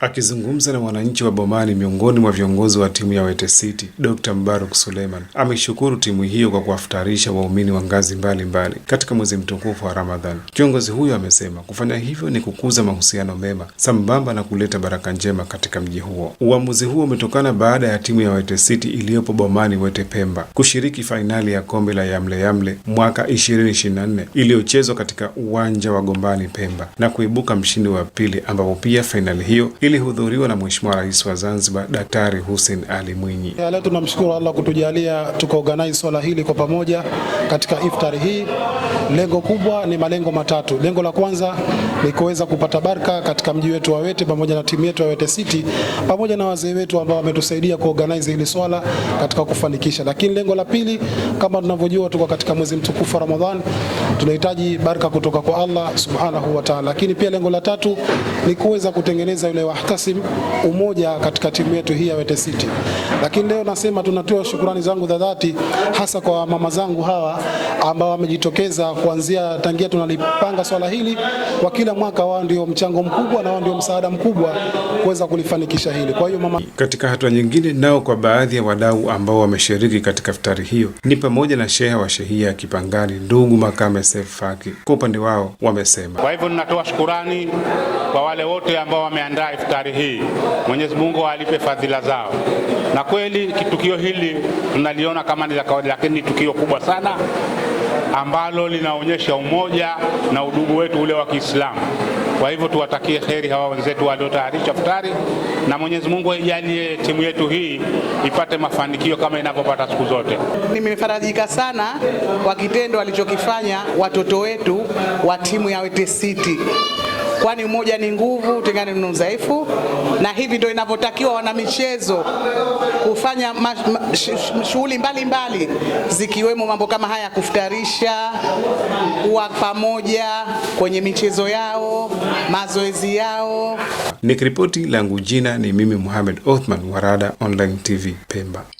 Akizungumza na wananchi wa Bomani, miongoni mwa viongozi wa timu ya Wete City, Dr. Mbaruk Suleiman ameshukuru timu hiyo kwa kuwafutarisha waumini wa ngazi mbalimbali katika mwezi mtukufu wa ramadhan Kiongozi huyo amesema kufanya hivyo ni kukuza mahusiano mema sambamba na kuleta baraka njema katika mji huo. Uamuzi huo umetokana baada ya timu ya Wete City iliyopo Bomani Wete Pemba kushiriki fainali ya kombe la Yamle Yamle mwaka 2024 iliyochezwa katika uwanja wa Gombani Pemba na kuibuka mshindi wa pili, ambapo pia fainali hiyo ilihudhuriwa na Mheshimiwa Rais wa Zanzibar Daktari Hussein Ali Mwinyi. Leo tunamshukuru Allah kutujalia tukaorganize swala hili kwa pamoja katika iftari hii. Lengo kubwa ni malengo matatu. Lengo la kwanza ni kuweza kupata baraka katika mji wetu wa Wete pamoja na timu yetu ya Wete City pamoja na wazee wetu ambao wametusaidia kuorganize hili swala katika kufanikisha. Lakini lengo la pili, kama tunavyojua, tuko katika mwezi mtukufu wa Ramadhani, tunahitaji baraka kutoka kwa Allah subhanahu wa ta'ala. Lakini pia lengo la tatu ni kuweza kutengeneza yule wa si umoja katika timu yetu hii ya Wete City. Lakini leo nasema tunatoa shukurani zangu za dhati hasa kwa mama zangu hawa ambao wamejitokeza kuanzia tangia tunalipanga swala hili kwa kila mwaka, wao ndio mchango mkubwa na wao ndio msaada mkubwa kuweza kulifanikisha hili. Kwa hiyo mama... katika hatua nyingine, nao kwa baadhi ya wadau ambao wameshiriki katika iftari hiyo ni pamoja na sheha wa shehia ya Kipangani ndugu Makame Sefaki, kwa upande wao wamesema. Kwa hivyo ninatoa shukurani kwa wale wote ambao wameandaa iftari hii. Mwenyezi Mungu alipe fadhila zao. Na kweli tukio hili tunaliona kama ni la kawaida, lakini ni tukio kubwa sana ambalo linaonyesha umoja na udugu wetu ule wa Kiislamu. Kwa hivyo tuwatakie kheri hawa wenzetu waliotayarisha futari, na Mwenyezi Mungu aijalie timu yetu hii ipate mafanikio kama inavyopata siku zote. Nimefarajika sana kwa kitendo walichokifanya watoto wetu wa timu ya Wete City kwani umoja ni nguvu, utengane ni udhaifu, na hivi ndio inavyotakiwa wanamichezo kufanya shughuli mbalimbali zikiwemo mambo kama haya ya kufutarisha, kuwa pamoja kwenye michezo yao, mazoezi yao. Nikiripoti langu jina ni mimi Mohamed Othman wa RADA Online TV Pemba.